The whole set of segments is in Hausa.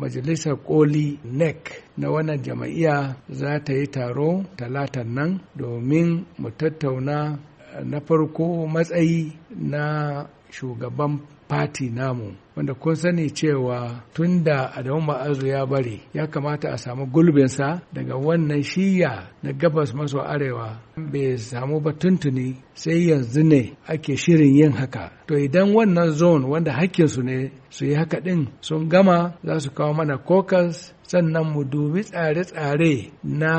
majalisar koli nec na wannan jama'iya za ta yi taro talatan nan domin mu tattauna eh, na farko matsayi na shugaban fati namu wanda kun sani cewa tun da Adamu Ma'azu ya bari ya kamata a samu gulbinsa daga wannan shiya na gabas maso arewa bai samu ba tuntuni sai yanzu ne ake shirin yin haka to idan wannan zone wanda hakkinsu ne su yi haka ɗin sun gama za su kawo mana kokas sannan mu dubi tsare-tsare na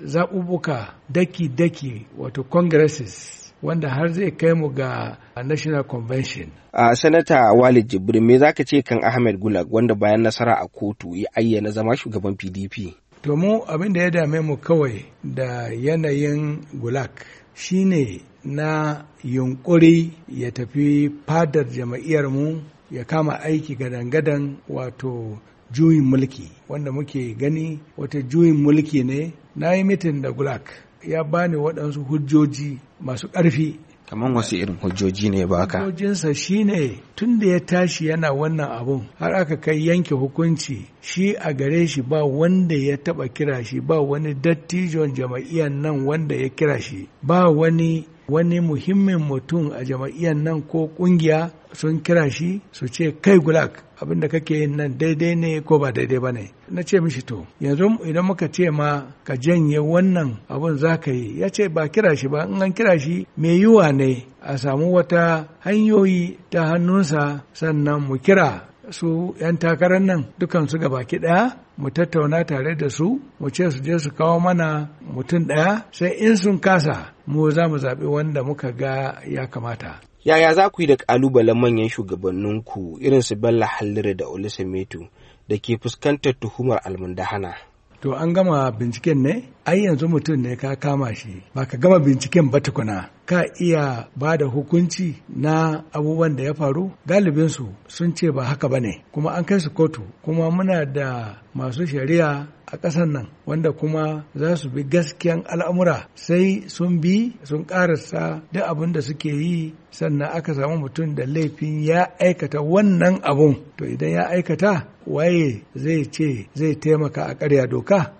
zaɓuɓɓuka daki-daki wato congresses wanda har zai kai mu ga a national convention. A uh, sanata Walid Jibrin me zaka ce kan Ahmed Gulag wanda bayan nasara a kotu ya ayyana zama shugaban PDP? To mu abin da ya dame mu kawai da yanayin Gulag shine na yunkuri ya tafi fadar jama'iyar mu ya kama aiki gadan-gadan wato juyin mulki wanda muke gani wata juyin mulki ne na yi mitin da gulak ya bani waɗansu hujjoji masu ƙarfi kamar wasu irin hujjoji ne ba ka hujjojinsa ne tun da ya tashi yana wannan abun har aka kai yanke hukunci shi a gare shi ba wanda ya taba kira shi ba wani dattijon jama'iyyar nan wanda ya kira shi ba wani wani muhimmin mutum a jama'iyyar nan ko kungiya sun kira shi su ce kai gulak abin da kake yin nan daidai ne ko ba daidai ba ne na ce mishi to yanzu idan muka ce ma ka janye wannan abin za ka yi ya ce ba kira shi ba in an kira shi mai yiwa ne a samu wata hanyoyi ta hannunsa sannan mu kira su 'yan takarar nan dukansu baki ɗaya mu tattauna tare da su mu ce su je su kawo mana mutum ɗaya sai in sun kasa mu za mu zaɓi wanda muka ga ya kamata yaya za ku yi da ƙalubalen manyan shugabanninku irin su Bello hallira da olusemetu da ke fuskantar tuhumar almundahana to an gama binciken ne ai yanzu mutum ne ka kama shi ba ka gama binciken ba tukuna ka iya ba da hukunci na abubuwan da ya faru galibinsu sun ce ba haka ba ne kuma an kai su kotu kuma muna da masu shari'a a kasan nan wanda kuma za su bi gaskiyan al'amura sai sun bi sun ƙarasa duk abin da suke yi sannan aka samu mutum da laifin ya aikata wannan abun to idan ya aikata waye zai ce zai taimaka a ƙarya doka